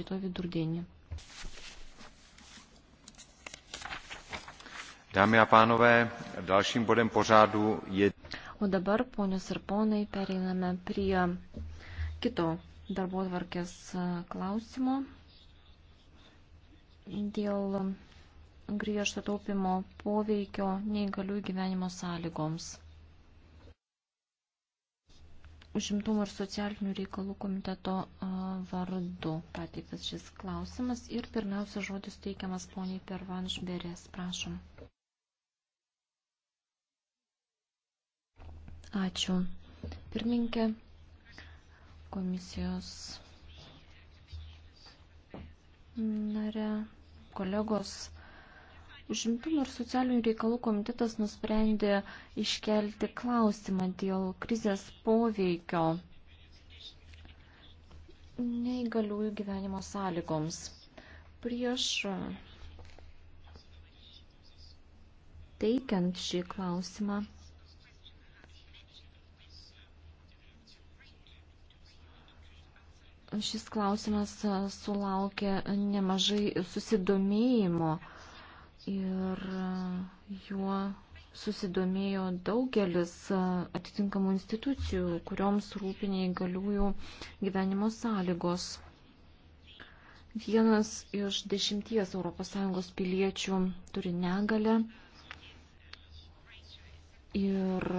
rytoj vidurdienį. Dámy a pánové, dalším bodem pořádu je... O dabar, ponios ir ponai, pereiname prie kito darbo tvarkės e, klausimo dėl griežto taupimo poveikio neįgaliųjų gyvenimo sąlygoms užimtumo ir socialinių reikalų komiteto vardu pateiktas šis klausimas ir pirmiausia žodis teikiamas poniai Pervanš Berės. Prašom. Ačiū. Pirminkė komisijos narė, kolegos Užimtumo ir socialinių reikalų komitetas nusprendė iškelti klausimą dėl krizės poveikio neįgaliųjų gyvenimo sąlygoms. Prieš teikiant šį klausimą šis klausimas sulaukė nemažai susidomėjimo ir juo susidomėjo daugelis atitinkamų institucijų, kurioms rūpinė įgaliųjų gyvenimo sąlygos. Vienas iš dešimties ES piliečių turi negalę ir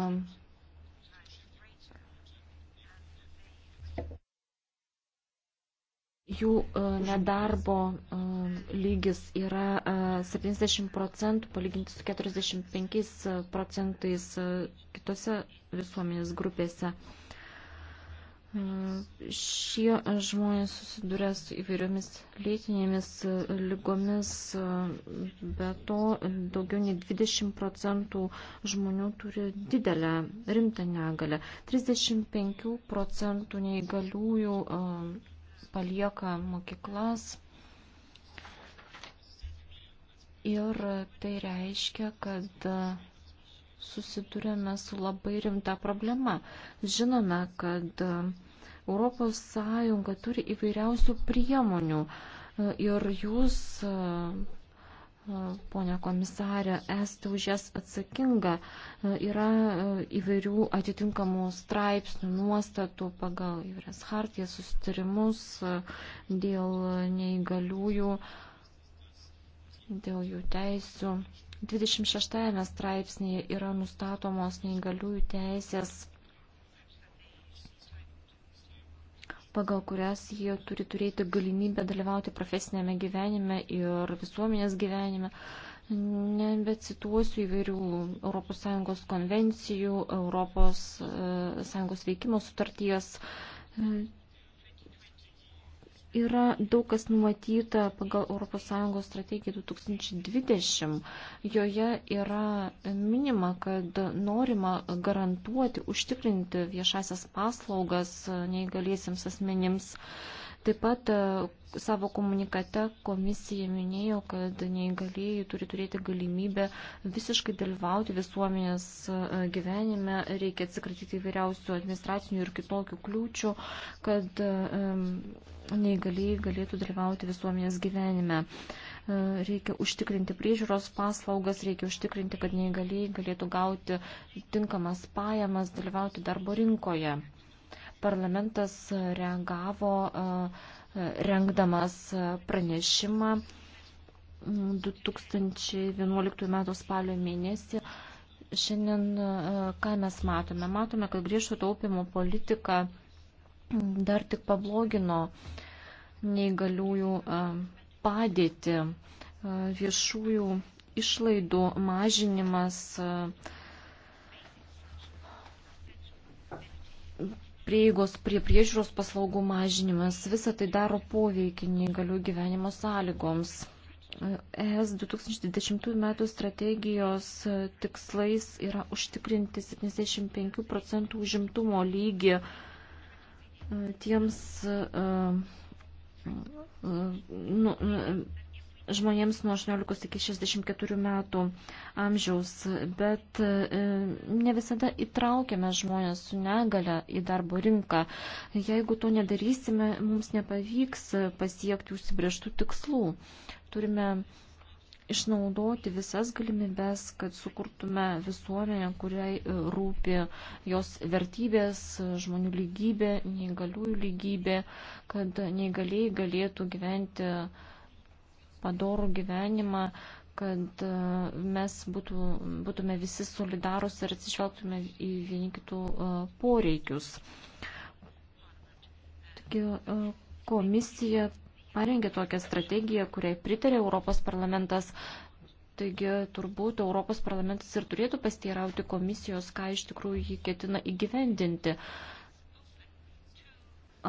jų e, nedarbo e, lygis yra 70 e, procentų, palyginti su 45 procentais kitose visuomenės grupėse. Šie žmonės susiduria su įvairiomis lėtinėmis lygomis, be to daugiau nei 20 procentų žmonių turi didelę rimtą negalę. 35 procentų neįgaliųjų palieka mokyklas. Ir tai reiškia, kad susidurėme su labai rimta problema. Žinome, kad ES turi įvairiausių priemonių ir jūs Pone komisarė, esate už jas atsakinga. Yra įvairių atitinkamų straipsnių, nuostatų pagal įvairias hartijas, sustarimus dėl neįgaliųjų, dėl jų teisių. 26 straipsnėje yra nustatomos neįgaliųjų teisės pagal kurias jie turi turėti galimybę dalyvauti profesinėme gyvenime ir visuomenės gyvenime. Nebecituosiu įvairių ES konvencijų, ES veikimo sutarties Yra daug kas numatyta pagal ES strategiją 2020. Joje yra minima, kad norima garantuoti, užtikrinti viešasias paslaugas neįgaliesiems asmenims. Taip pat e, savo komunikate komisija minėjo, kad neįgalėjai turi turėti galimybę visiškai dalyvauti visuomenės e, gyvenime, reikia atsikratyti įvairiausių administracinių ir kitokių kliūčių, kad e, neįgaliai galėtų dalyvauti visuomenės gyvenime. E, reikia užtikrinti priežiūros paslaugas, reikia užtikrinti, kad neįgaliai galėtų gauti tinkamas pajamas, dalyvauti darbo rinkoje. Parlamentas reagavo e, rengdamas pranešimą 2011 m. spalio mėnesį šiandien e, ką mes matome? Matome, kad griežto taupimo politika dar tik pablogino neįgaliųjų e, padėtį. E, viešųjų išlaidų mažinimas e, prieigos prie priežiūros paslaugų mažinimas, visa tai daro poveikį neįgalių gyvenimo sąlygoms. ES 2020 m. strategijos tikslais yra užtikrinti 75 procentų užimtumo lygį tiems e, e, nu, e, žmonėms nuo 18 iki 64 metų amžiaus, bet ne visada įtraukiame žmonės su negale į darbo rinką. Jeigu to nedarysime, mums nepavyks pasiekti užsibrieštų tikslų. Turime uh, išnaudoti visas galimybes, kad sukurtume visuomenę, kuriai e, rūpi jos vertybės, žmonių lygybė, neįgaliųjų lygybė, kad neįgaliai galėtų gyventi padorų gyvenimą, kad e, mes būtų, būtume visi solidarūs ir atsižvelgtume į vieni kitų e, poreikius. Taigi, komisija parengė tokią strategiją, kuriai pritarė Europos parlamentas. Taigi turbūt Europos parlamentas ir turėtų pasteirauti komisijos, ką iš tikrųjų jį ketina įgyvendinti.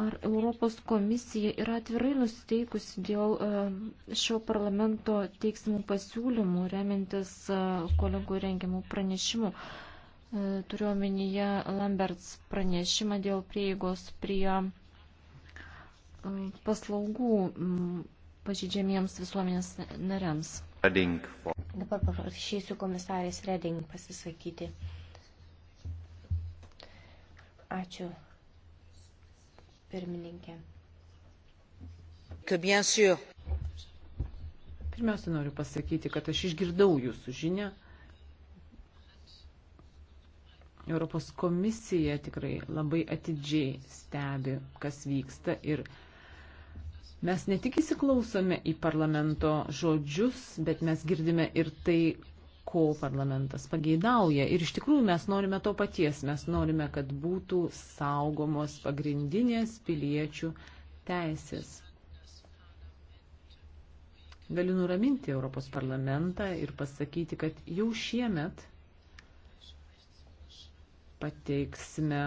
Ar Europos komisija yra atvirai nusiteikusi dėl e, šio parlamento teiksimų pasiūlymų, remintis e, kolegų rengiamų pranešimų? E, Turiuomenyje Lamberts pranešimą dėl prieigos prie paslaugų mm, pažydžiamiems visuomenės nariams. Reding. Dabar paprašysiu komisarės Reding pasisakyti. Ačiū, pirmininkė. Pirmiausia, noriu pasakyti, kad aš išgirdau jūsų žinę. Europos komisija tikrai labai atidžiai stebi, kas vyksta ir vyksta Mes ne tik įsiklausome į parlamento žodžius, bet mes girdime ir tai, ko parlamentas pageidauja. Ir iš tikrųjų mes norime to paties. Mes norime, kad būtų saugomos pagrindinės piliečių teisės. Galiu nuraminti Europos parlamentą ir pasakyti, kad jau šiemet pateiksime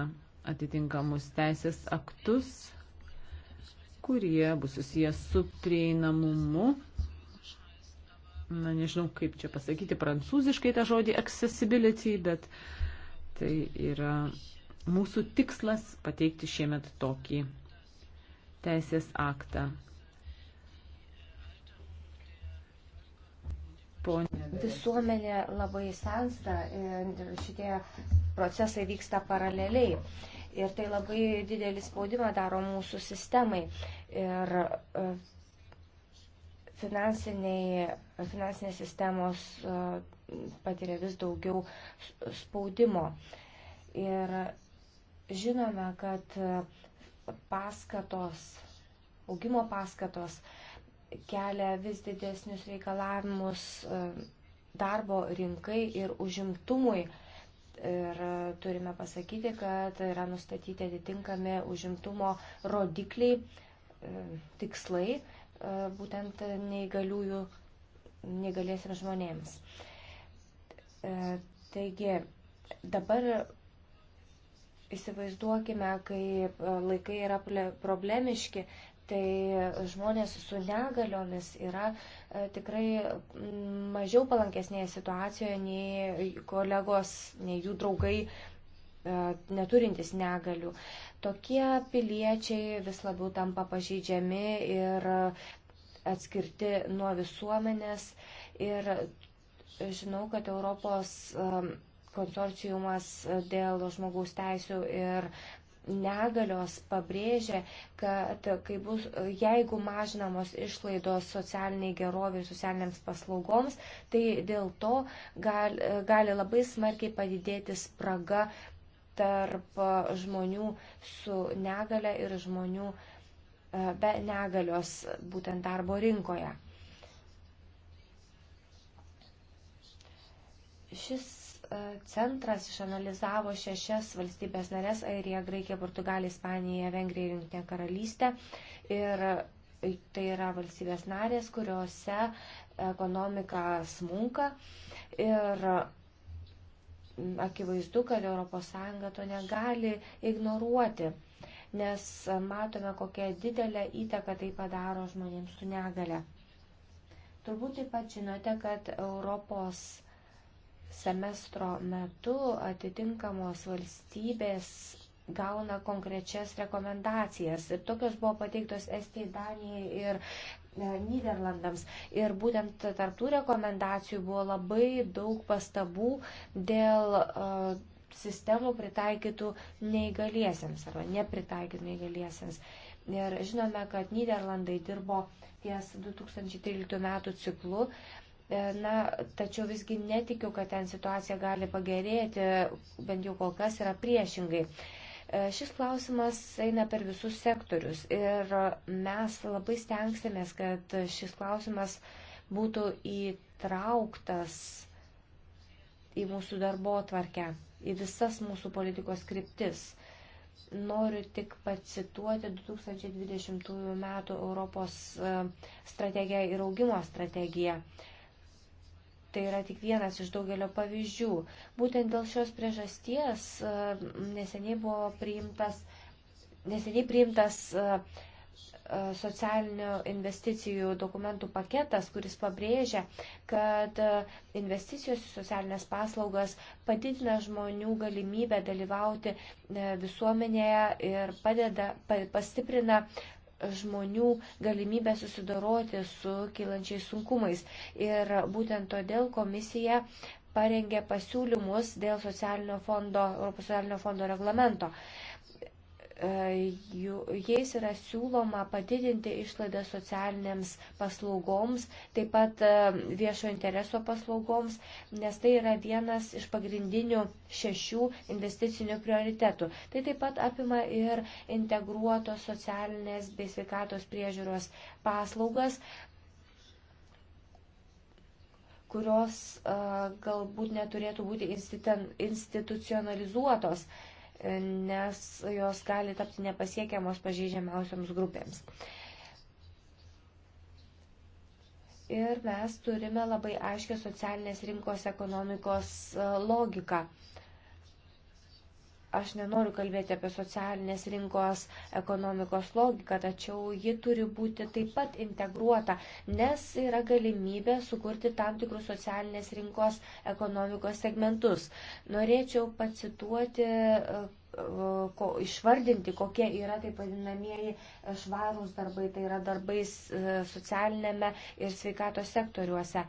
atitinkamus teisės aktus kurie bus susijęs su prieinamumu. Na, nežinau, kaip čia pasakyti prancūziškai tą žodį accessibility, bet tai yra mūsų tikslas pateikti šiemet tokį teisės aktą. Pone. Visuomenė labai sensta ir šitie procesai vyksta paraleliai. Ir tai labai didelį spaudimą daro mūsų sistemai. Ir e, finansinės sistemos e, patiria vis daugiau spaudimo. Ir žinome, kad e, paskatos, augimo paskatos kelia vis didesnius reikalavimus darbo rinkai ir užimtumui Ir turime pasakyti, kad yra nustatyti atitinkami užimtumo rodikliai, e, tikslai e, būtent neįgaliųjų, neįgaliesiams žmonėms. E, taigi, dabar įsivaizduokime, kai laikai yra problemiški, tai žmonės su negaliomis yra e, tikrai mažiau palankesnėje situacijoje nei kolegos, nei jų draugai e, neturintys negalių. Tokie piliečiai vis labiau tampa pažeidžiami ir atskirti nuo visuomenės. Ir žinau, kad Europos e, konsorciumas dėl žmogaus teisų ir negalios pabrėžia, kad kai bus, jeigu mažinamos išlaidos socialiniai geroviai ir socialiniams paslaugoms, tai dėl to gali, gali labai smarkiai padidėti spraga tarp žmonių su negale ir žmonių e, be negalios būtent darbo rinkoje. Šis E, centras išanalizavo šešias valstybės narės - Airiją, Graikiją, Portugaliją, Ispaniją, Vengriją ir Junktinę karalystę. Ir e, tai yra valstybės narės, kuriuose ekonomika smunka. Ir akivaizdu, kad ES to negali ignoruoti, nes matome, kokią didelę įtaką tai padaro žmonėms su negale. Turbūt taip pat žinote, kad Europos semestro metu atitinkamos valstybės gauna konkrečias rekomendacijas. Ir tokios buvo pateiktos Estijai, Danijai ir e, Niderlandams. Ir būtent tarptų rekomendacijų buvo labai daug pastabų dėl uh, sistemų pritaikytų neįgaliesiems arba nepritaikytų neįgaliesiems. Ir žinome, kad Niderlandai dirbo ties 2013 metų ciklu. Uh, E, na, tačiau visgi netikiu, kad ten situacija gali pagerėti, bent jau kol kas yra priešingai. E, šis klausimas eina per visus sektorius ir mes labai stengsimės, kad šis klausimas būtų įtrauktas į mūsų darbo tvarkę, į visas mūsų politikos kryptis. Noriu tik pacituoti 2020 m. Europos e, strategiją ir augimo strategiją. Tai yra tik vienas iš daugelio pavyzdžių. Būtent dėl šios priežasties e, neseniai buvo priimtas, neseniai priimtas e, e, socialinių investicijų dokumentų paketas, kuris pabrėžia, kad investicijos į socialinės paslaugas padidina žmonių galimybę dalyvauti visuomenėje ir padeda, pastiprina žmonių galimybę susidoroti su kylančiais sunkumais. Ir būtent todėl komisija parengė pasiūlymus dėl socialinio fondo, Europos socialinio fondo reglamento. E, jais yra siūloma padidinti išlaidas socialinėms paslaugoms, taip pat e, viešo intereso paslaugoms, nes tai yra vienas iš pagrindinių šešių investicinių prioritetų. Tai taip pat apima ir integruotos socialinės bei sveikatos priežiūros paslaugas kurios uh, galbūt neturėtų būti institucionalizuotos. Uh, nes jos gali tapti nepasiekiamos pažeidžiamiausioms grupėms. Ir mes turime labai aiškę socialinės rinkos ekonomikos e, logiką. Aš nenoriu kalbėti apie socialinės rinkos ekonomikos logiką, tačiau ji turi būti taip pat integruota, nes yra galimybė sukurti tam tikrus socialinės rinkos ekonomikos segmentus. Norėčiau pacituoti e, ko, išvardinti, kokie yra taip vadinamieji švarūs darbai, tai yra darbais e, socialinėme ir sveikatos sektoriuose.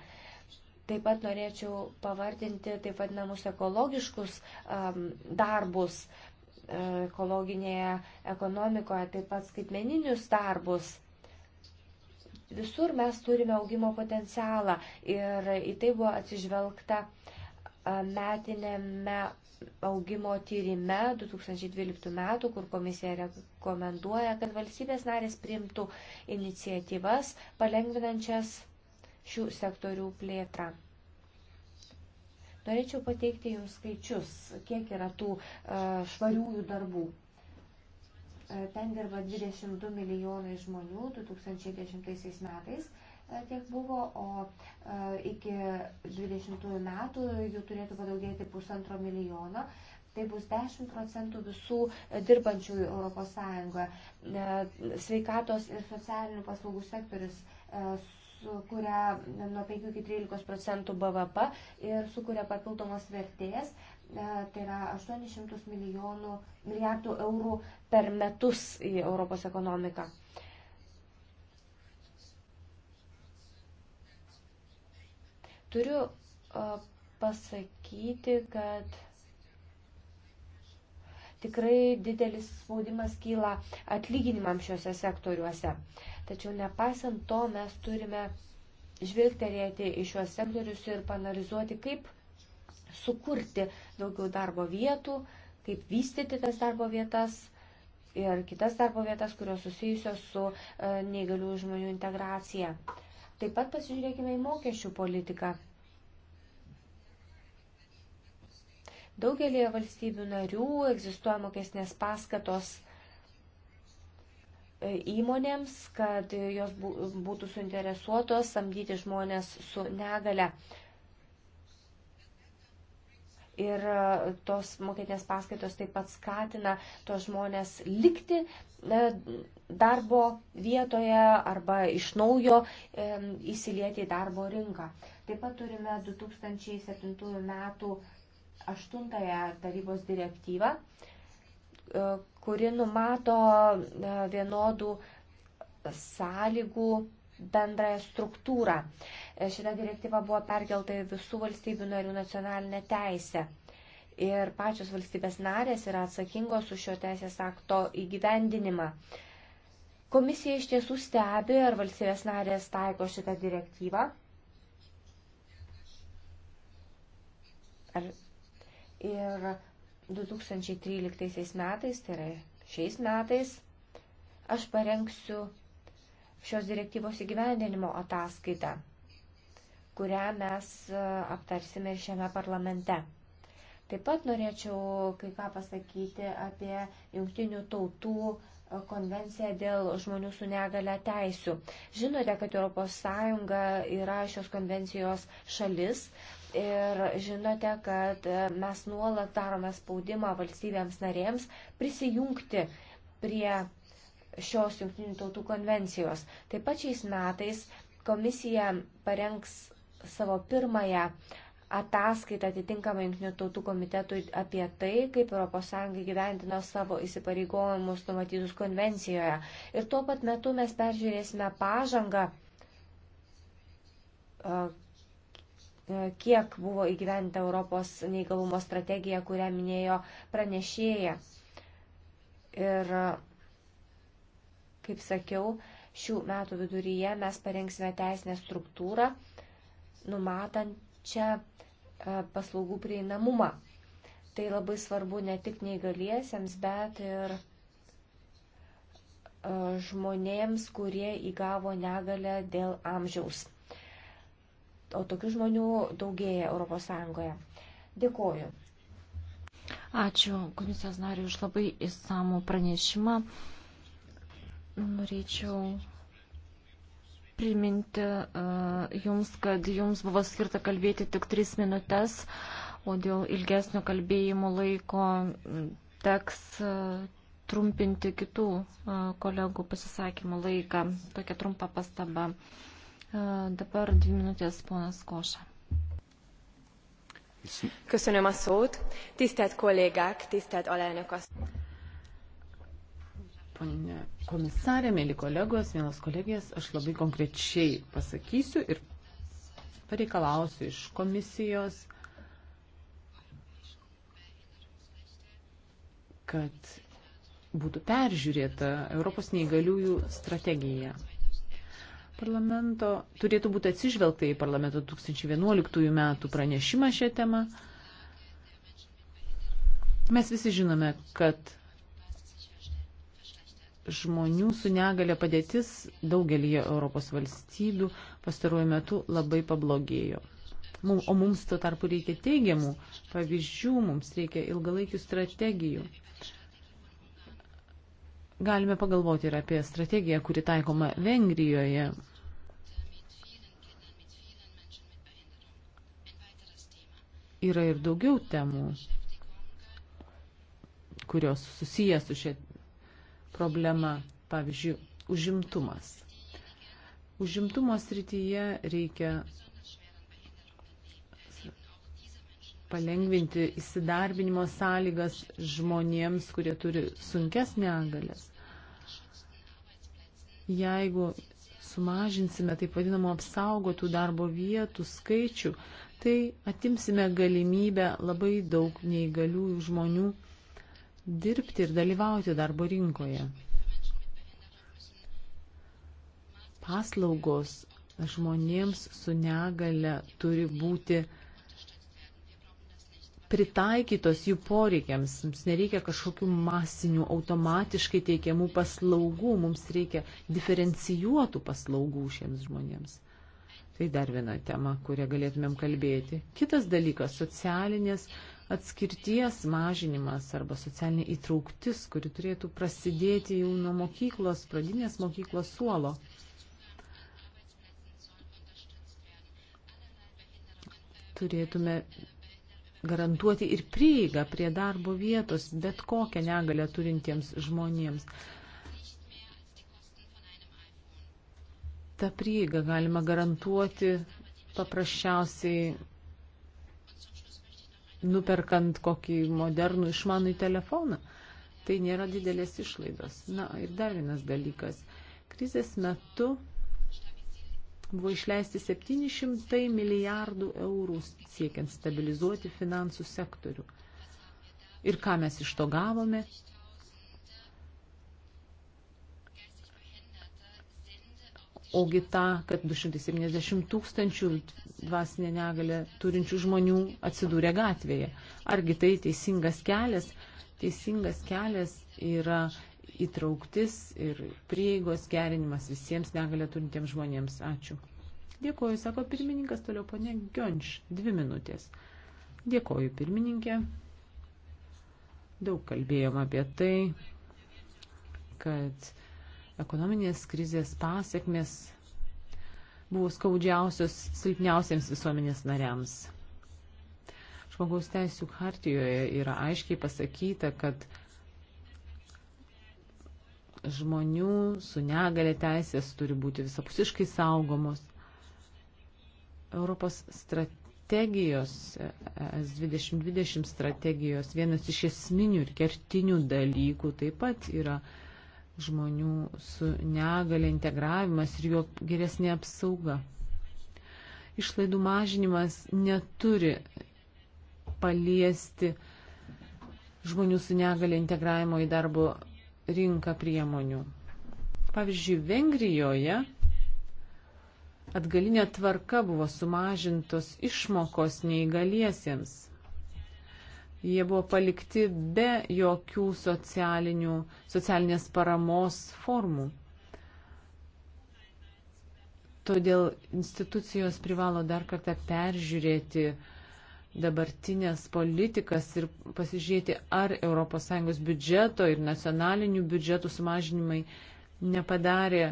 Taip pat norėčiau pavardinti taip vadinamus ekologiškus um, darbus e, ekologinėje ekonomikoje, taip pat skaitmeninius darbus. Visur mes turime augimo potencialą ir į tai buvo atsižvelgta metinėme augimo tyrime 2012 metų, kur komisija rekomenduoja, kad valstybės narės priimtų iniciatyvas palengvinančias šių sektorių plėtrą. Norėčiau pateikti Jums skaičius, kiek yra tų e, švariųjų darbų. E, ten dirba 22 milijonai žmonių 2010 metais e, tiek buvo, o iki 20 metų jų turėtų padaugėti pusantro milijono. Tai bus 10 procentų visų dirbančių ES. Sveikatos ir socialinių paslaugų sektorius sukuria nuo 5 iki 13 procentų BVP ir sukuria papildomos vertės, e, tai yra 800 milijonų, milijardų eurų per metus į Europos ekonomiką. Turiu e, pasakyti, kad tikrai didelis spaudimas kyla atlyginimams šiuose sektoriuose. Tačiau nepaisant to mes turime žvilgterėti į šiuos sektorius ir panalizuoti, kaip sukurti daugiau darbo vietų, kaip vystyti tas darbo vietas ir kitas darbo vietas, kurios susijusios su e, neįgalių žmonių integracija. Taip pat pasižiūrėkime į mokesčių politiką. Daugelėje valstybių narių egzistuoja mokesnės paskatos e, įmonėms, kad jos būtų suinteresuotos samdyti žmonės su negale. Ir e, tos mokėtinės paskaitos taip pat skatina tos žmonės likti e, darbo vietoje arba iš naujo įsilieti į darbo rinką. Taip pat turime 2007 metų aštuntąją tarybos direktyvą, e, kuri numato e, vienodų sąlygų bendrąją struktūrą. E, šita direktyva buvo perkelta į visų valstybių narių nacionalinę teisę. Ir pačios valstybės narės yra atsakingos už šio teisės akto įgyvendinimą. Komisija iš tiesų stebi, ar valstybės narės taiko šitą direktyvą. Ar Ir 2013 metais, tai yra šiais metais, aš parengsiu šios direktyvos įgyvendinimo ataskaitą, kurią mes e, aptarsime ir šiame parlamente. Taip pat norėčiau kai ką pasakyti apie jungtinių tautų konvenciją dėl žmonių su negale teisių. Žinote, kad ES yra šios konvencijos šalis ir žinote, kad e, mes nuolat darome spaudimą valstybėms narėms prisijungti prie šios jungtinių tautų konvencijos. Taip pat šiais metais komisija parengs savo pirmąją uh, ataskaitą atitinkamą Junktinių tautų komitetui apie tai, kaip ES gyventino savo įsipareigojimus numatytus konvencijoje. Ir tuo pat metu mes peržiūrėsime pažangą, kiek buvo įgyventa Europos neįgalumo strategija, kurią minėjo pranešėja. Ir, kaip sakiau, šių metų viduryje mes parengsime teisinę struktūrą, numatant čia e, paslaugų prieinamumą. Tai labai svarbu ne tik neįgaliesiems, bet ir e, žmonėms, kurie įgavo negalę dėl amžiaus. O tokių žmonių daugėja ES. Dėkoju. Ačiū komisijos nariui už labai įsamų pranešimą. Norėčiau priminti uh, jums, kad jums buvo skirta kalbėti tik 3 minutės, o dėl ilgesnio kalbėjimo laiko teks uh, trumpinti kitų uh, kolegų pasisakymų laiką. Tokia trumpa pastaba. Uh, dabar 2 minutės ponas Koša. Köszönöm a szót. Tisztelt kollégák, tisztelt alelnök asszony! Pone komisarė, mėly kolegos, vienos kolegijas, aš labai konkrečiai pasakysiu ir pareikalausiu iš komisijos, kad būtų peržiūrėta Europos neįgaliųjų strategija. Parlamento turėtų būti atsižvelgta į parlamento 2011 metų pranešimą šią temą. Mes visi žinome, kad žmonių su negale padėtis daugelį Europos valstybių pastaruoju metu labai pablogėjo. O mums tuo tarpu reikia teigiamų pavyzdžių, mums reikia ilgalaikių strategijų. Galime pagalvoti ir apie strategiją, kuri taikoma Vengrijoje. Yra ir daugiau temų, kurios susijęs su šia problema, pavyzdžiui, užimtumas. Užimtumo srityje reikia palengvinti įsidarbinimo sąlygas žmonėms, kurie turi sunkes negalės. Jeigu sumažinsime taip vadinamo apsaugotų darbo vietų skaičių, tai atimsime galimybę labai daug neįgaliųjų žmonių dirbti ir dalyvauti darbo rinkoje. Paslaugos žmonėms su negale turi būti pritaikytos jų poreikiams. Mums nereikia kažkokių masinių, automatiškai teikiamų paslaugų, mums reikia diferencijuotų paslaugų šiems žmonėms. Tai dar viena tema, kurią galėtumėm kalbėti. Kitas dalykas - socialinės atskirties mažinimas arba socialinė įtrauktis, kuri turėtų prasidėti jau nuo mokyklos, pradinės mokyklos suolo. Turėtume garantuoti ir prieigą prie darbo vietos bet kokią negalę turintiems žmonėms. Ta prieiga galima garantuoti paprasčiausiai nuperkant kokį modernų išmanų telefoną. Tai nėra didelės išlaidos. Na ir dar vienas dalykas. Krizės metu buvo išleisti 700 milijardų eurų siekiant stabilizuoti finansų sektorių. Ir ką mes iš to gavome? ogi ta, kad 270 tūkstančių dvasinę negalę turinčių žmonių atsidūrė gatvėje. Argi tai teisingas kelias? Teisingas kelias yra įtrauktis ir prieigos gerinimas visiems negalę turintiems žmonėms. Ačiū. Dėkoju, sako pirmininkas, toliau ponė Gionč, dvi minutės. Dėkoju, pirmininkė. Daug kalbėjom apie tai, kad ekonominės krizės pasiekmes buvo skaudžiausios silpniausiems visuomenės nariams. Žmogaus teisų hartijoje yra aiškiai pasakyta, kad žmonių su negale teisės turi būti visapusiškai saugomos. Europos strategijos, S2020 strategijos, vienas iš esminių ir kertinių dalykų taip pat yra uh, žmonių su negale integravimas ir jo geresnė apsauga. Išlaidų mažinimas neturi paliesti žmonių su negale integravimo į darbo rinką priemonių. Pavyzdžiui, Vengrijoje atgalinė tvarka buvo sumažintos išmokos neįgaliesiems Jie buvo palikti be jokių socialinės paramos formų. Todėl institucijos privalo dar kartą peržiūrėti dabartinės politikas ir pasižiūrėti, ar ES biudžeto ir nacionalinių biudžetų sumažinimai nepadarė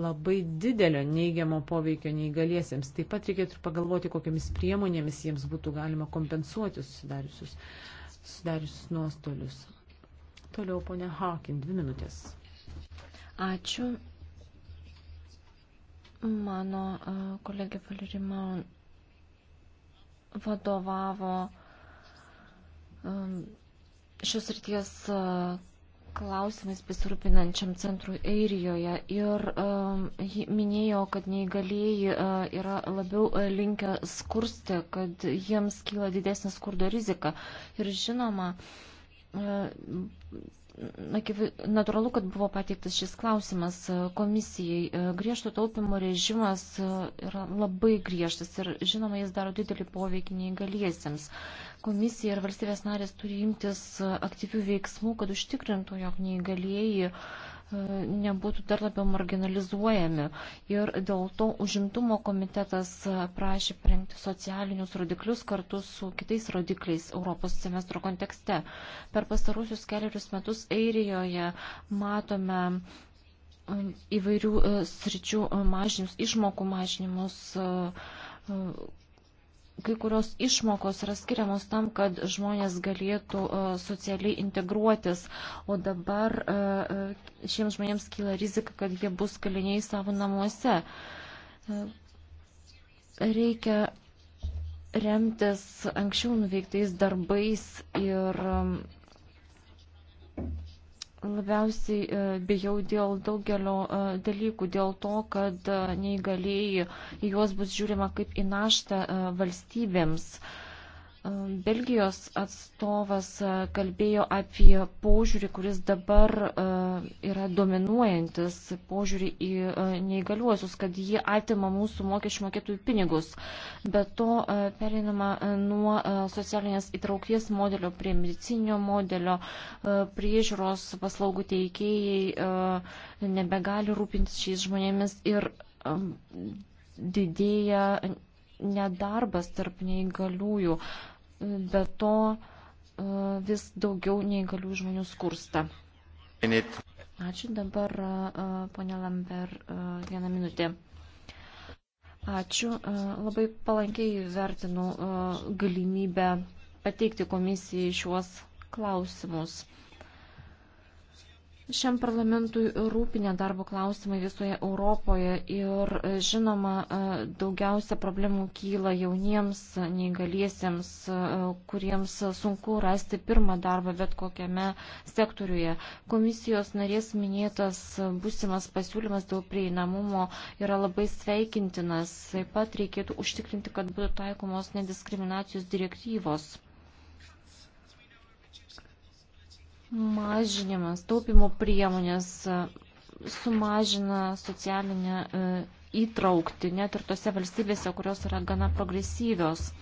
labai didelio neigiamo poveikio neįgaliesiems. Taip pat reikėtų pagalvoti, kokiamis priemonėmis jiems būtų galima kompensuoti susidariusius, susidariusius nuostolius. Toliau, ponia Hawkin, dvi minutės. Ačiū. Mano kolegė Valerima vadovavo šios ryties klausimais besirūpinančiam centrui Airijoje ir um, minėjo, kad neįgalėjai uh, yra labiau uh, linkę skursti, kad jiems kyla didesnė skurdo rizika. Ir žinoma, uh, Natūralu, kad buvo pateiktas šis klausimas e, komisijai. E, griežto taupimo režimas e, yra labai griežtas ir, žinoma, jis daro didelį poveikį neįgaliesiems. Komisija ir valstybės narės turi imtis aktyvių veiksmų, kad užtikrintų, jog neįgalieji nebūtų dar labiau marginalizuojami. Ir dėl to užimtumo komitetas prašė parengti socialinius rodiklius kartu su kitais rodikliais Europos semestro kontekste. Per pastarusius keliarius metus Airijoje matome um, įvairių uh, sričių uh, mažinimus, išmokų mažinimus, uh, kai kurios išmokos yra skiriamos tam, kad žmonės galėtų e, socialiai integruotis, o dabar e, e, šiems žmonėms kyla rizika, kad jie bus kaliniai savo namuose. Reikia remtis anksčiau nuveiktais darbais ir Labiausiai e, bijau dėl daugelio e, dalykų, dėl to, kad e, neįgalėjai į juos bus žiūrima kaip į naštą valstybėms. Uh, Belgijos atstovas e, kalbėjo apie požiūrį, kuris dabar e, yra dominuojantis, požiūrį į e, neįgaliuosius, kad jie atima mūsų mokesčių mokėtųjų pinigus. Be to perinama nuo socialinės įtraukties modelio prie medicinio modelio, priežiūros paslaugų teikėjai nebegali rūpintis šiais žmonėmis ir didėja nedarbas tarp neįgaliųjų. Be to e, vis daugiau neįgalių žmonių skursta. Ačiū dabar, e, e, ponė Lambert, vieną minutę. Ačiū. Labai palankiai vertinu galimybę pateikti komisijai šiuos klausimus. Šiam parlamentui rūpinė darbo klausimai visoje Europoje ir e, žinoma e, daugiausia problemų kyla jauniems neįgaliesiems, e, kuriems sunku rasti pirmą darbą bet kokiame sektoriuje. Komisijos narės minėtas būsimas pasiūlymas dėl prieinamumo yra labai sveikintinas. Taip pat reikėtų užtikrinti, kad būtų taikomos nediskriminacijos direktyvos. mažinimas, taupimo priemonės e, sumažina socialinę e, įtraukti, net ir tose valstybėse, kurios yra gana progresyvios.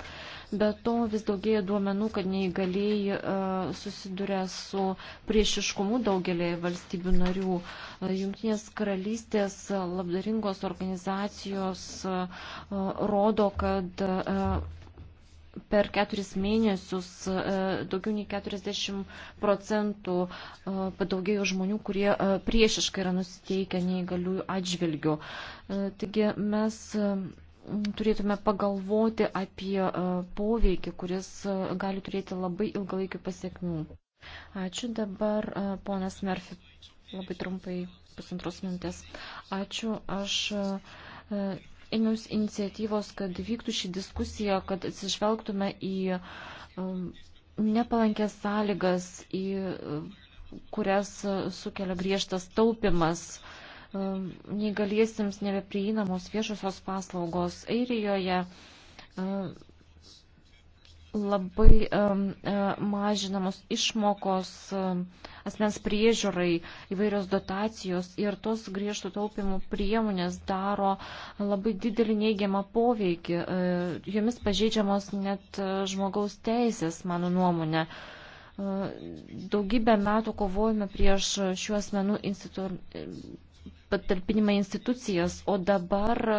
Be to vis daugėja duomenų, kad neįgaliai e, susiduria su priešiškumu daugelį valstybių narių. Junktinės karalystės labdaringos organizacijos rodo, kad per keturis mėnesius e, daugiau nei 40 procentų e, padaugėjo žmonių, kurie e, priešiškai yra nusiteikę neįgaliųjų atžvilgių. Taigi mes turėtume pagalvoti apie poveikį, kuris gali turėti labai ilgalaikių pasiekmių. Ačiū dabar, ponas Merfi, labai trumpai pusantros minutės. Ačiū, aš ėmėmės iniciatyvos, kad vyktų šį diskusiją, kad atsižvelgtume į um, nepalankės sąlygas, į kurias sukelia griežtas taupimas um, neįgaliesiems nebeprieinamos viešosios paslaugos Airijoje um, labai um, mažinamos išmokos um, asmens priežiūrai, įvairios dotacijos ir tos griežtų taupimų priemonės daro labai didelį neigiamą poveikį. Uh, jomis pažeidžiamos net uh, žmogaus teisės, mano nuomonė. Uh, daugybę metų kovojame prieš šių asmenų institu patalpinimą į institucijas, o dabar e,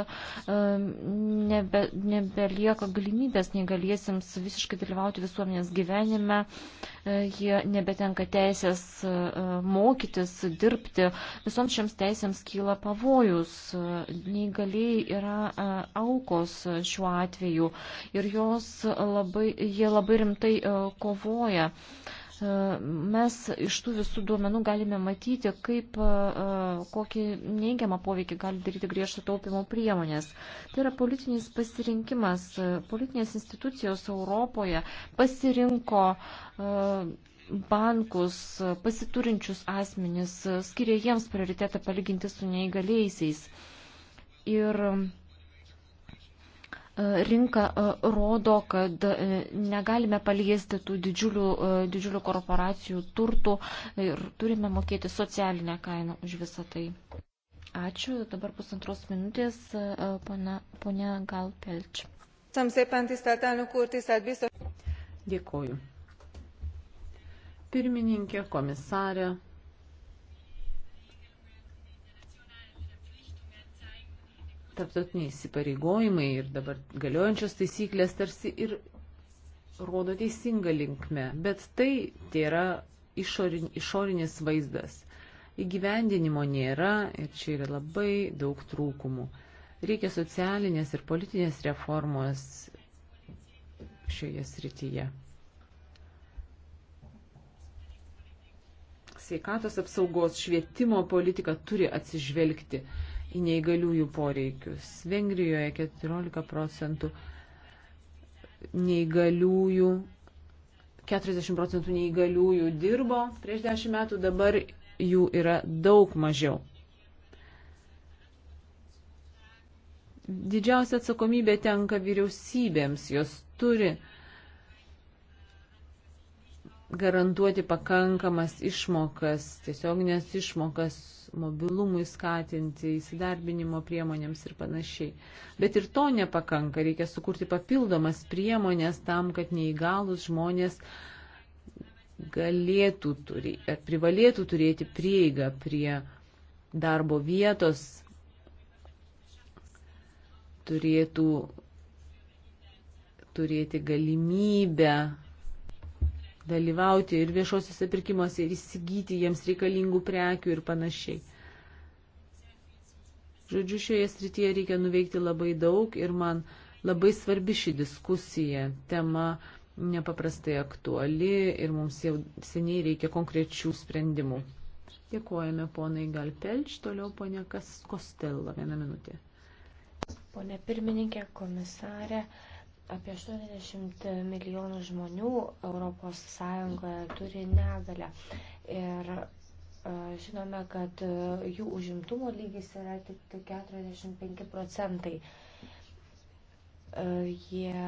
nebe, nebelieka galimybės negaliesiems visiškai dalyvauti visuomenės gyvenime, e, jie nebetenka teisės e, mokytis, dirbti. Visoms šiems teisėms kyla pavojus. Neįgaliai yra aukos šiuo atveju ir jos labai, jie labai rimtai kovoja kovoja mes iš tų visų duomenų galime matyti, kaip, e, kokį neigiamą poveikį gali daryti griežto taupimo priemonės. Tai yra politinis pasirinkimas. Politinės institucijos Europoje pasirinko e, bankus, pasiturinčius asmenis, skiria jiems prioritetą palyginti su neįgaliaisiais. Ir E, rinka e, rodo, kad e, negalime paliesti tų didžiulių, didžiulių korporacijų turtų ir turime mokėti socialinę kainą už visą tai. Ačiū. Dabar pusantros minutės ponia Galpelč. Dėkuoju. Pirmininkė, komisarė, Tarptautiniai įsipareigojimai ir dabar galiojančios taisyklės tarsi ir rodo teisingą linkmę, bet tai tai yra išorin, išorinis vaizdas. Įgyvendinimo nėra ir čia yra labai daug trūkumų. Reikia socialinės ir politinės reformos šioje srityje. Sveikatos apsaugos švietimo politika turi atsižvelgti į neįgaliųjų poreikius. Vengrijoje 14 procentų neįgaliųjų, 40 procentų neįgaliųjų dirbo prieš 10 metų, dabar jų yra daug mažiau. Didžiausia atsakomybė tenka vyriausybėms, jos turi garantuoti pakankamas išmokas, tiesioginės išmokas mobilumui skatinti, įsidarbinimo priemonėms ir panašiai. Bet ir to nepakanka, reikia sukurti papildomas priemonės tam, kad neįgalus žmonės galėtų, turė, privalėtų turėti prieigą prie darbo vietos, turėtų turėti galimybę dalyvauti ir viešosiuose pirkimuose, ir įsigyti jiems reikalingų prekių ir panašiai. Žodžiu, šioje srityje reikia nuveikti labai daug ir man labai svarbi ši diskusija, tema nepaprastai aktuali ir mums jau seniai reikia konkrečių sprendimų. Dėkojame ponai Galpelč, toliau ponė Kostela, vieną minutę. Pone pirmininkė, komisarė, Apie 80 milijonų žmonių ES turi negalę. Ir e, žinome, kad e, jų užimtumo lygis yra tik 45 procentai. E, jie,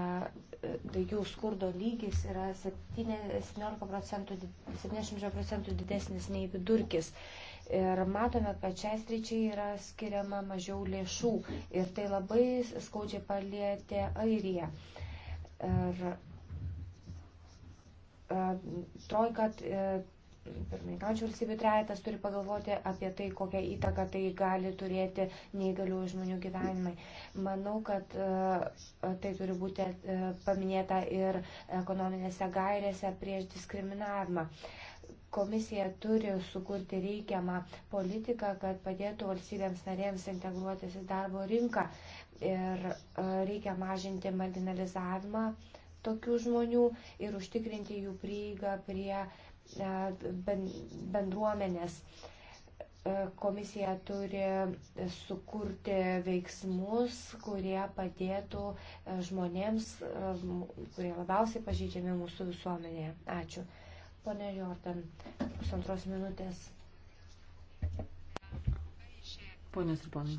tai jų skurdo lygis yra 17 procentų, 70 procentų didesnis nei vidurkis. Ir matome, kad šiai sričiai yra skiriama mažiau lėšų ir tai labai skaudžiai palietė Airiją. Ir e, trojka, e, pirmininkaučių valstybių trejetas turi pagalvoti apie tai, kokią įtaką tai gali turėti neįgalių žmonių gyvenimai. Manau, kad e, tai turi būti paminėta ir ekonominėse gairėse prieš diskriminavimą. Komisija turi sukurti reikiamą politiką, kad padėtų valstybėms narėms integruotis į darbo rinką. Ir e, reikia mažinti marginalizavimą tokių žmonių ir užtikrinti jų prieigą prie e, bendruomenės. E, komisija turi sukurti veiksmus, kurie padėtų žmonėms, kurie labiausiai pažydžiami mūsų visuomenėje. Ačiū. Pone Jordan, pusantros minutės. Ponios ir ponai.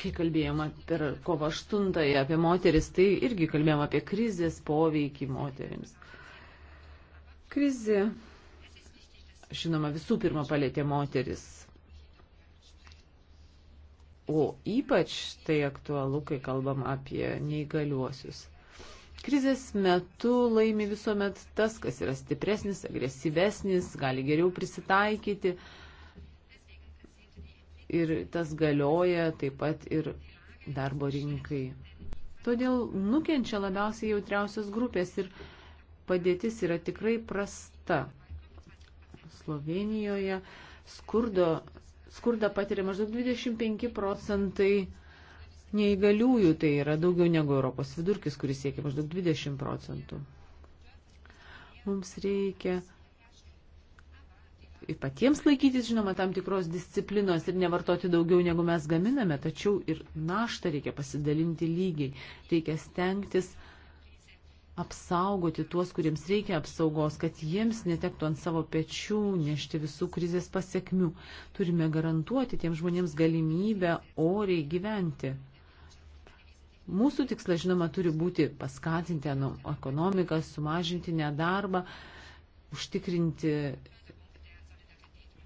Kai kalbėjome per kovo 8 apie moteris, tai irgi kalbėjome apie krizės poveikį moterims. Krizė, žinoma, visų pirma palėtė moteris o ypač tai aktualu, kai kalbam apie neįgaliuosius. Krizės metu laimi visuomet tas, kas yra stipresnis, agresyvesnis, gali geriau prisitaikyti. Ir tas galioja taip pat ir darbo rinkai. Todėl nukenčia labiausiai jautriausios grupės ir padėtis yra tikrai prasta. Slovenijoje skurdo skurdą patiria maždaug 25 procentai neįgaliųjų, tai yra daugiau negu Europos vidurkis, kuris siekia maždaug 20 procentų. Mums reikia ir patiems laikytis, žinoma, tam tikros disciplinos ir nevartoti daugiau, negu mes gaminame, tačiau ir naštą reikia pasidalinti lygiai. Reikia stengtis apsaugoti tuos, kuriems reikia apsaugos, kad jiems netektų ant savo pečių nešti visų krizės pasiekmių. Turime garantuoti tiems žmonėms galimybę oriai gyventi. Mūsų tikslas, žinoma, turi būti paskatinti ekonomiką, sumažinti nedarbą, užtikrinti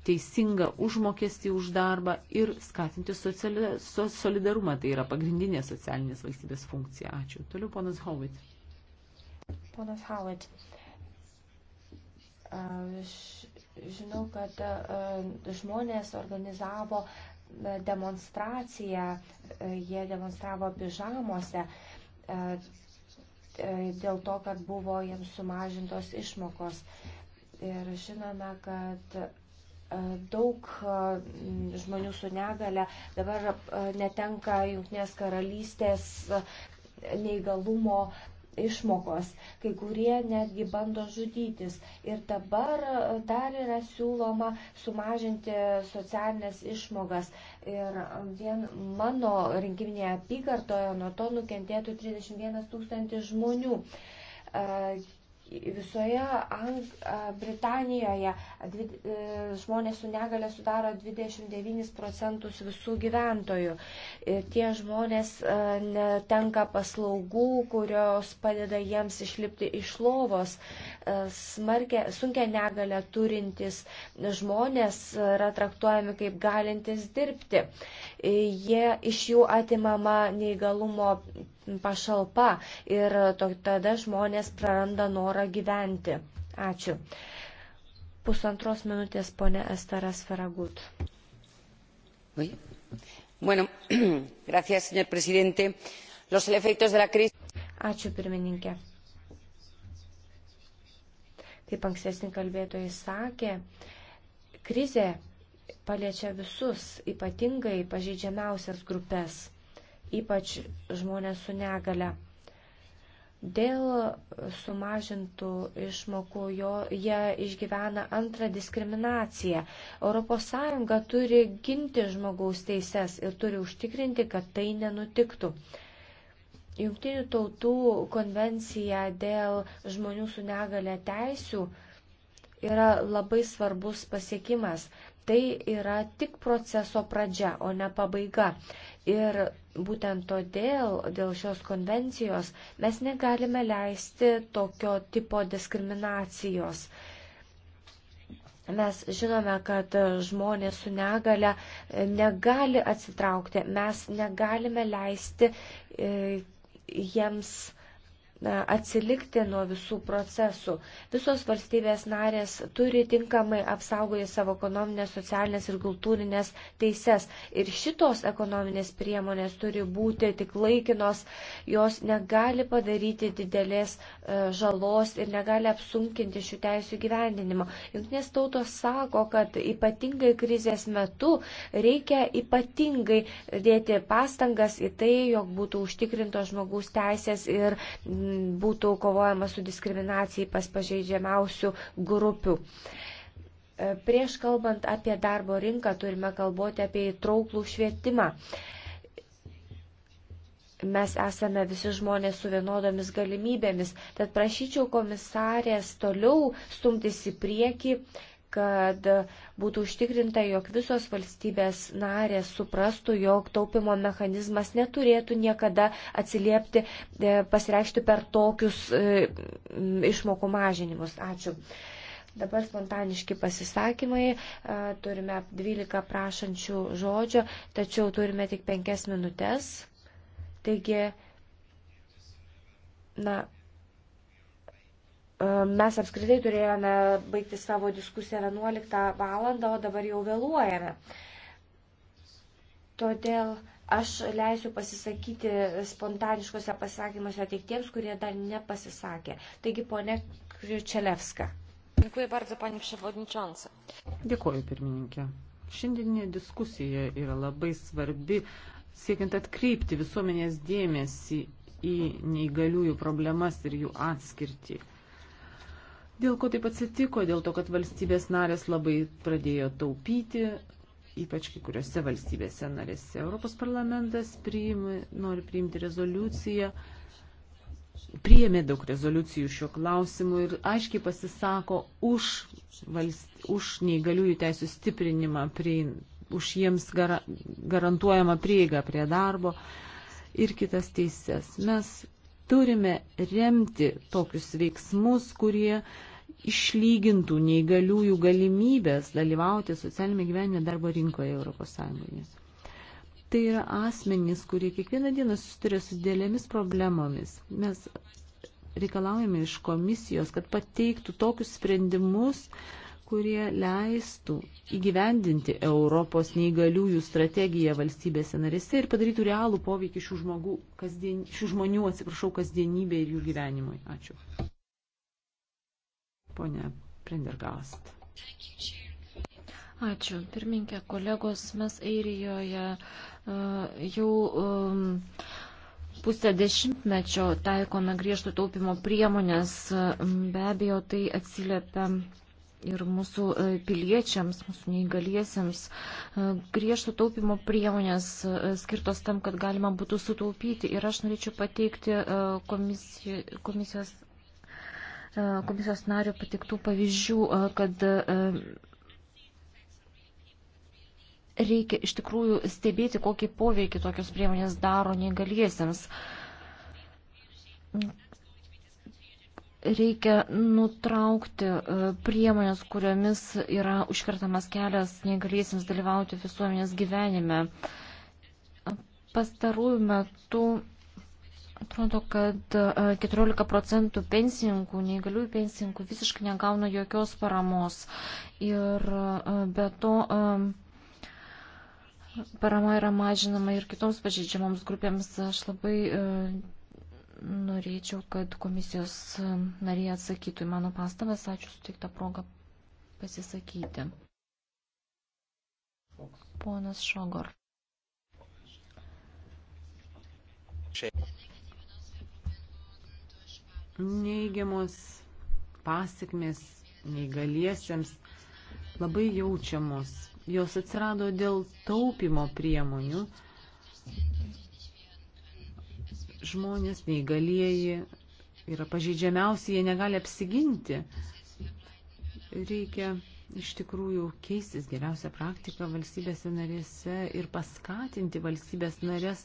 teisingą užmokestį už darbą ir skatinti sociali, so, solidarumą. Tai yra pagrindinė socialinės valstybės funkcija. Ačiū. Toliau ponas Hovit. Ponas Howard, žinau, kad žmonės organizavo demonstraciją, jie demonstravo pižamose dėl to, kad buvo jiems sumažintos išmokos. Ir žinome, kad daug žmonių su negale dabar netenka Junktinės karalystės neįgalumo išmokos, kai kurie netgi bando žudytis. Ir dabar e, dar yra siūloma sumažinti socialinės išmokas. Ir vien mano rinkiminėje apygardoje nuo to nukentėtų 31 tūkstantis žmonių e, visoje Ang Britanijoje dvi, e, žmonės su negale sudaro 29 procentus visų gyventojų. Ir tie žmonės netenka paslaugų, kurios padeda jiems išlipti iš lovos. Smarkia, sunkia negale turintis žmonės yra traktuojami kaip galintys dirbti. Jie, iš jų atimama neįgalumo pašalpa ir tada žmonės praranda norą gyventi. Ačiū. Pusantros minutės ponė Estaras Feragut. Oui. Bueno, gracias, señor presidente. Los efectos de la crisis. Ačiū pirmininkė. Kaip ankstesnį kalbėtojai sakė, krizė paliečia visus, ypatingai pažeidžiamiausias grupės ypač žmonės su negale. Dėl sumažintų išmokų jo, jie išgyvena antrą diskriminaciją. ES turi ginti žmogaus teises ir turi užtikrinti, kad tai nenutiktų. Junktinių tautų konvencija dėl žmonių su negale teisių yra labai svarbus pasiekimas. Tai yra tik proceso pradžia, o ne pabaiga. Ir būtent todėl, dėl šios konvencijos, mes negalime leisti tokio tipo diskriminacijos. Mes žinome, kad žmonės su negale e, negali atsitraukti, mes negalime leisti e, jiems atsilikti nuo visų procesų. Visos valstybės narės turi tinkamai apsaugoti savo ekonominės, socialinės ir kultūrinės teises. Ir šitos ekonominės priemonės turi būti tik laikinos, jos negali padaryti didelės e, žalos ir negali apsunkinti šių teisų gyvendinimo. Junktinės tautos sako, kad ypatingai krizės metu reikia ypatingai dėti pastangas į tai, jog būtų užtikrintos žmogaus teisės ir būtų kovojama su diskriminacijai pas pažeidžiamiausių grupių. E, prieš kalbant apie darbo rinką, turime kalboti apie įtrauklų švietimą. Mes esame visi žmonės su vienodomis galimybėmis, tad prašyčiau komisarės toliau stumtis į priekį, kad būtų užtikrinta, jog visos valstybės narės suprastų, jog taupimo mechanizmas neturėtų niekada atsiliepti, e, pasireikšti per tokius e, išmokų mažinimus. Ačiū. Dabar spontaniški pasisakymai, e, turime 12 prašančių žodžio, tačiau turime tik 5 minutės. Taigi, na, Mes apskritai turėjome baigti savo diskusiją 11 valandą, o dabar jau vėluojame. Todėl aš leisiu pasisakyti spontaniškose pasisakymuose tik tiems, kurie dar nepasisakė. Taigi, ponė Kriučelevska. Dėkuoju bardzo, panie przewodniczący. Dėkuoju, pirmininkė. Šiandieninė diskusija yra labai svarbi, siekiant atkreipti visuomenės dėmesį į neįgaliųjų problemas ir jų atskirtį. Dėl ko taip atsitiko? Dėl to, kad valstybės narės labai pradėjo taupyti, ypač kai kuriuose valstybėse narėse. Europos parlamentas priimi, nori priimti rezoliuciją, priėmė daug rezoliucijų šiuo klausimu ir aiškiai pasisako už, valst, už neįgaliųjų teisų stiprinimą, prie, už jiems gara, garantuojamą prieigą prie darbo ir kitas teises. Mes Turime remti tokius veiksmus, kurie išlygintų neįgaliųjų galimybės dalyvauti socialinėme gyvenime darbo rinkoje ES. Tai yra asmenys, kurie kiekvieną dieną susituria su dėlėmis problemomis. Mes reikalaujame iš komisijos, kad pateiktų tokius sprendimus, uh, kurie leistų įgyvendinti Europos neįgaliųjų strategiją valstybėse narėse ir padarytų realų poveikį šių, žmogų, kasdien, šių žmonių, atsiprašau, kasdienybė ir jų gyvenimui. Ačiū. Pone Prendergast. Ačiū. Pirminkė, kolegos, mes Airijoje uh, jau. Um, pusę dešimtmečio taikome griežto taupimo priemonės, e, be abejo tai atsiliepia ir mūsų e, piliečiams, mūsų neįgaliesiems. E, griežto taupimo priemonės e, skirtos tam, kad galima būtų sutaupyti. Ir aš norėčiau pateikti komisijos, komisijos nario pateiktų pavyzdžių, kad reikia iš tikrųjų stebėti, kokį poveikį tokios priemonės daro neįgaliesiems reikia nutraukti e, priemonės, kuriomis yra užkertamas kelias negalėsiams dalyvauti visuomenės gyvenime. Pastarųjų metų atrodo, kad 14 e, procentų pensininkų, neįgaliųjų pensininkų visiškai negauna jokios paramos. Ir e, be to parama yra mažinama ir kitoms pažeidžiamoms grupėms. Aš labai Norėčiau, kad komisijos nariai atsakytų į mano pastabas. Ačiū sutiktą progą pasisakyti. Ponas Šogor. Neigiamos pasiekmes neįgaliesiems labai jaučiamos. Jos atsirado dėl taupimo priemonių, žmonės, neįgalieji yra pažeidžiamiausi, jie negali apsiginti. Reikia iš tikrųjų keistis geriausią praktiką valstybėse narėse ir paskatinti valstybės narės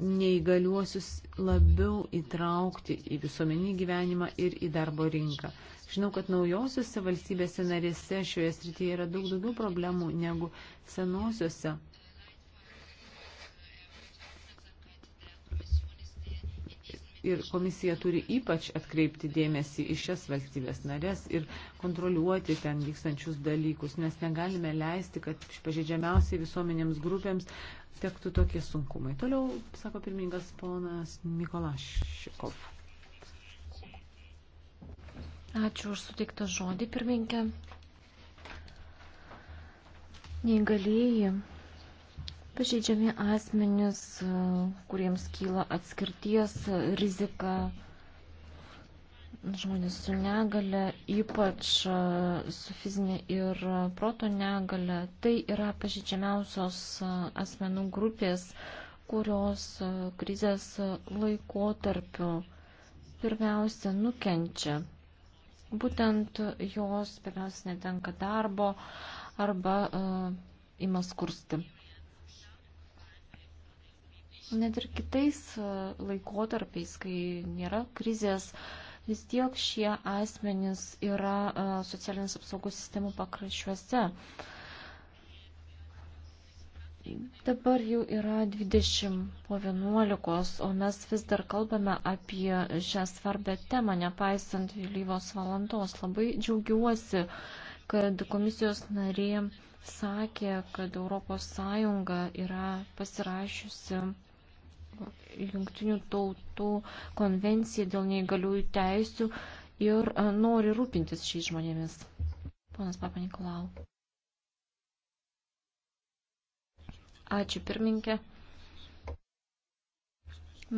neįgaliuosius labiau įtraukti į visuomenį gyvenimą ir į darbo rinką. Žinau, kad naujosiuose valstybėse narėse šioje srityje yra daug daugiau problemų negu senosiuose ir komisija turi ypač atkreipti dėmesį į šias valstybės narės ir kontroliuoti ten vykstančius dalykus, nes negalime leisti, kad pažeidžiamiausiai visuomenėms grupėms tektų tokie sunkumai. Toliau, sako pirmingas ponas Mikolašikov. Ačiū už suteiktą žodį, pirmininkė. Neįgalėjai Pažeidžiami asmenys, kuriems kyla atskirties rizika, žmonės su negale, ypač e, su fizinė ir proto negale, tai yra pažydžiamiausios e, asmenų grupės, kurios e, krizės laikotarpiu pirmiausia nukenčia. Būtent jos pirmiausia netenka darbo arba uh, ima skursti net ir kitais e, laikotarpiais, kai nėra krizės, vis tiek šie asmenys yra e, socialinės apsaugos sistemų pakraščiuose. Dabar jau yra 20 po 11, o mes vis dar kalbame apie šią svarbę temą, nepaisant vėlyvos valandos. Labai džiaugiuosi, kad komisijos narė sakė, kad ES yra pasirašiusi jungtinių tautų konvenciją dėl neįgaliųjų teisių ir e, nori rūpintis šiais žmonėmis. Ponas Papa Nikolau. Ačiū pirminkė.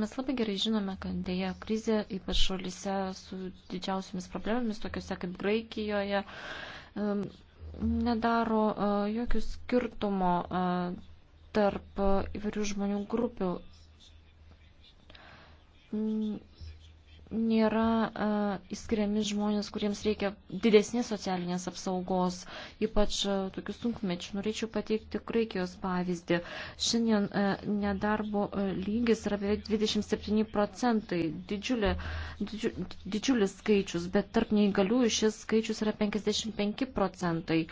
Mes labai gerai žinome, kad dėja krizė, ypač šalyse su didžiausiamis problemomis, tokiuose kaip Graikijoje, e, nedaro e, jokių skirtumo tarp įvairių žmonių grupių nėra uh, įskiriami žmonės, kuriems reikia didesnės socialinės apsaugos, ypač uh, tokius sunkmečių. Norėčiau pateikti Graikijos pavyzdį. Šiandien uh, nedarbo uh, lygis yra beveik 27 procentai, didžiulė, didžiu, didžiulis skaičius, bet tarp neįgaliųjų šis skaičius yra 55 procentai.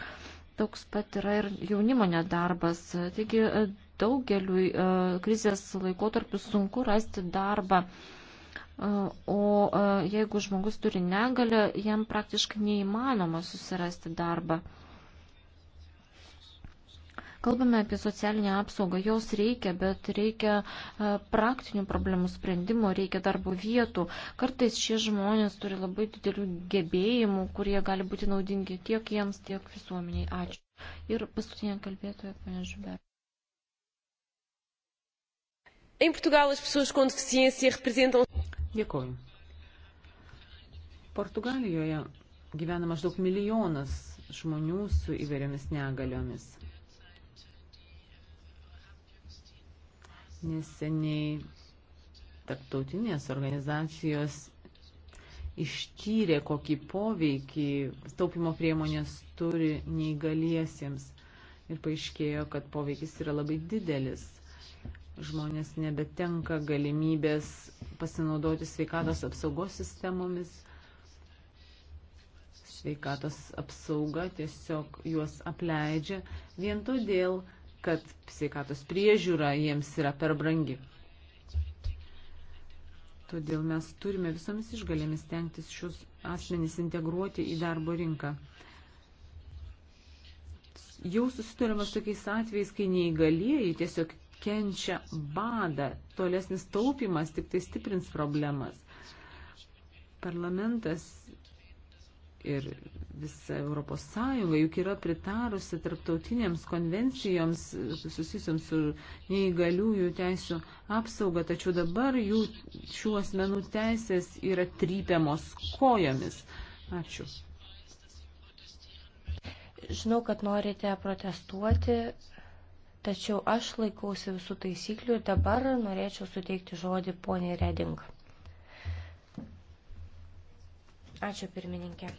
Toks pat yra ir jaunimo nedarbas. Taigi, uh, daugeliui e, krizės laikotarpiu sunku rasti darbą. E, o e, jeigu žmogus turi negalę, jam praktiškai neįmanoma susirasti darbą. Kalbame apie socialinę apsaugą, jos reikia, bet reikia praktinių problemų sprendimo, reikia darbo vietų. Kartais šie žmonės turi labai didelių gebėjimų, kurie gali būti naudingi tiek jiems, tiek visuomeniai. Ačiū. Ir paskutinė kalbėtoja, ponia Žuber. Em Portugal, as pessoas com deficiência representam. Dėkuoju. Portugalijoje gyvena maždaug milijonas žmonių e su įvairiomis negaliomis. Neseniai tarptautinės organizacijos ištyrė, kokį poveikį taupimo priemonės turi neįgaliesiems. Ir paaiškėjo, kad poveikis yra labai didelis žmonės nebetenka galimybės pasinaudoti sveikatos apsaugos sistemomis. Sveikatos apsauga tiesiog juos apleidžia vien todėl, kad sveikatos priežiūra jiems yra per brangi. Todėl mes turime visomis išgalėmis tenktis šios asmenys integruoti į darbo rinką. Jau susidurėme su tokiais atvejais, kai neįgalieji tiesiog kenčia badą. Tolesnis taupimas tik tai stiprins problemas. Parlamentas ir visa Europos Sąjunga juk yra pritarusi tarptautinėms konvencijoms susijusiams su neįgaliųjų teisų apsauga, tačiau dabar jų šių asmenų teisės yra trypiamos kojomis. Ačiū. Žinau, kad norite protestuoti, tačiau aš laikausi visų taisyklių ir dabar norėčiau suteikti žodį poniai Reding. Ačiū pirmininkė.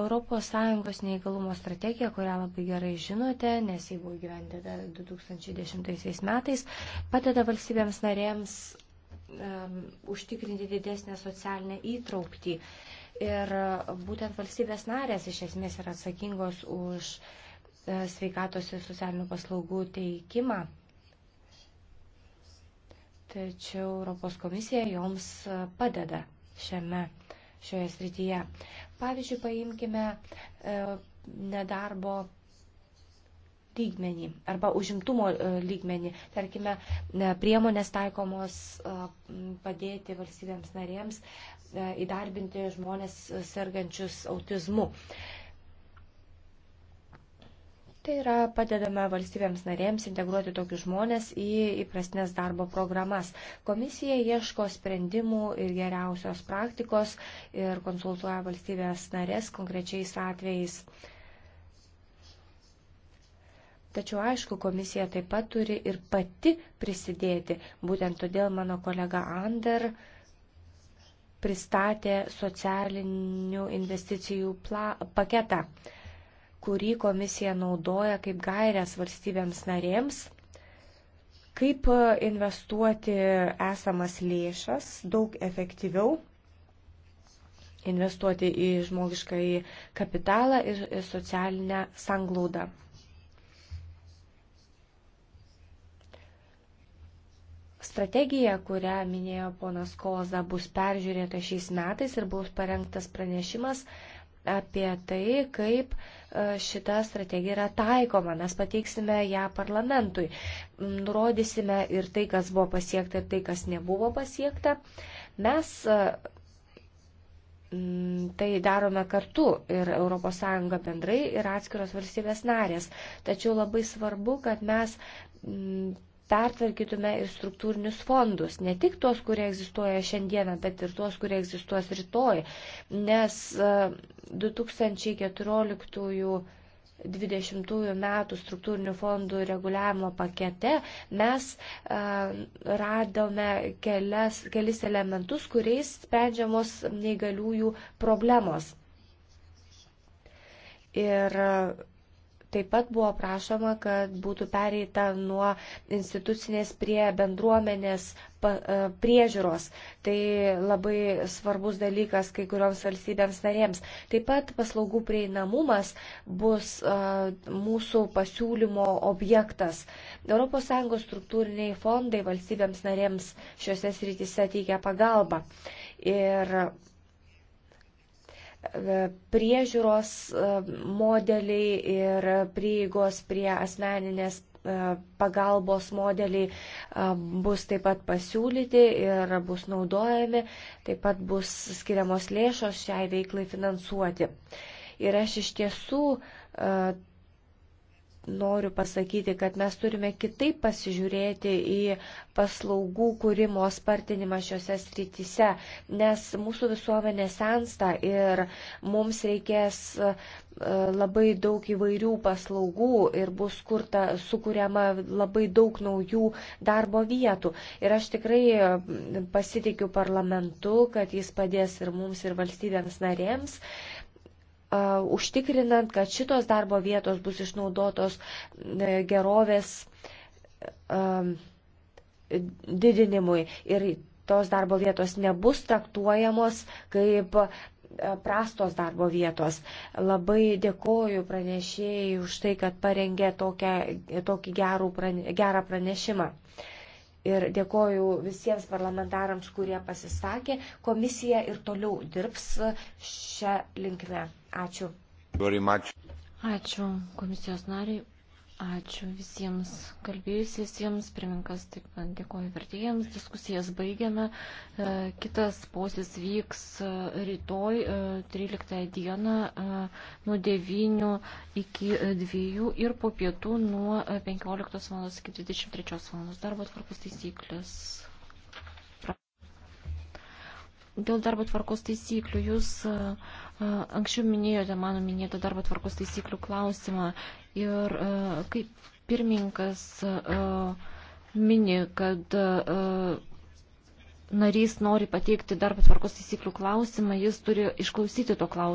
ES neįgalumo strategija, kurią labai gerai žinote, nes jį buvo gyvendėta 2010 metais, padeda valstybėms narėms um, užtikrinti didesnę socialinę įtraukti. Uh, Ir būtent valstybės narės iš esmės yra atsakingos už e, sveikatos ir socialinių paslaugų teikimą. Tačiau Europos komisija joms e, padeda šiame, šioje srityje. Pavyzdžiui, paimkime e, nedarbo lygmenį arba užimtumo lygmenį, tarkime, priemonės taikomos padėti valstybėms narėms E, įdarbinti žmonės sergančius autizmu. Tai yra padedame valstybėms narėms integruoti tokius žmonės į įprastinės darbo programas. Komisija ieško sprendimų ir geriausios praktikos ir konsultuoja valstybės narės konkrečiais atvejais. Tačiau aišku, komisija taip pat turi ir pati prisidėti. Būtent todėl mano kolega Ander uh, pristatė socialinių investicijų pla, paketą, kurį komisija naudoja kaip gairias valstybėms narėms, kaip investuoti esamas lėšas daug efektyviau, investuoti į žmogišką kapitalą ir socialinę sanglaudą. Strategija, kurią minėjo ponas Koza, bus peržiūrėta šiais metais ir bus parengtas pranešimas apie tai, kaip e, šita strategija yra taikoma. Mes pateiksime ją parlamentui. Nurodysime ir tai, kas buvo pasiekta, ir tai, kas nebuvo pasiekta. Mes e, tai darome kartu ir ES bendrai, ir atskiros valstybės narės. Tačiau labai svarbu, kad mes pertvarkytume ir struktūrinius fondus, ne tik tuos, kurie egzistuoja šiandieną, bet ir tuos, kurie egzistuos rytoj, nes 2014-2020 e, metų struktūrinių fondų reguliavimo pakete mes e, radome kelias, kelis elementus, kuriais sprendžiamos neįgaliųjų problemos. Ir Taip pat buvo prašoma, kad būtų pereita nuo institucinės prie bendruomenės e, priežiūros. Tai labai svarbus dalykas kai kurioms valstybėms narėms. Taip pat paslaugų prieinamumas bus e, mūsų pasiūlymo objektas. ES struktūriniai fondai valstybėms narėms šiuose srityse teikia pagalbą. Ir priežiūros e, modeliai ir prieigos prie asmeninės e, pagalbos modeliai e, bus taip pat pasiūlyti ir bus naudojami, taip pat bus skiriamos lėšos šiai veiklai finansuoti. Ir aš iš tiesų noriu pasakyti, kad mes turime kitaip pasižiūrėti į paslaugų kūrimo spartinimą šiuose srityse, nes mūsų visuomenė sensta ir mums reikės e, labai daug įvairių paslaugų ir bus kurta, sukūriama labai daug naujų darbo vietų. Ir aš tikrai pasitikiu parlamentu, kad jis padės ir mums, ir valstybėms narėms užtikrinant, kad šitos darbo vietos bus išnaudotos e, gerovės didinimui ir tos darbo vietos nebus traktuojamos kaip prastos darbo vietos. Labai dėkoju pranešėjai už tai, kad parengė tokią, tokį gerų, gerą pranešimą. Ir dėkoju visiems parlamentarams, kurie pasisakė. Komisija ir toliau dirbs šią linkmę. Ačiū. Ačiū komisijos nariai, ačiū visiems kalbėjusiesiems, pirmininkas taip pat dėkoju vertėjams, diskusijas baigiame. E, kitas posės vyks e, rytoj 13 e, dieną nuo 9 iki 2 ir po pietų nuo 15 val. iki 23 val. darbo tvarkos taisyklės. Dėl darbo tvarkos taisyklių jūs Anksčiau minėjote mano minėtą darbo tvarkos taisyklių klausimą ir kaip pirmininkas mini, kad narys nori pateikti darbo tvarkos taisyklių klausimą, jis turi išklausyti to klausimo.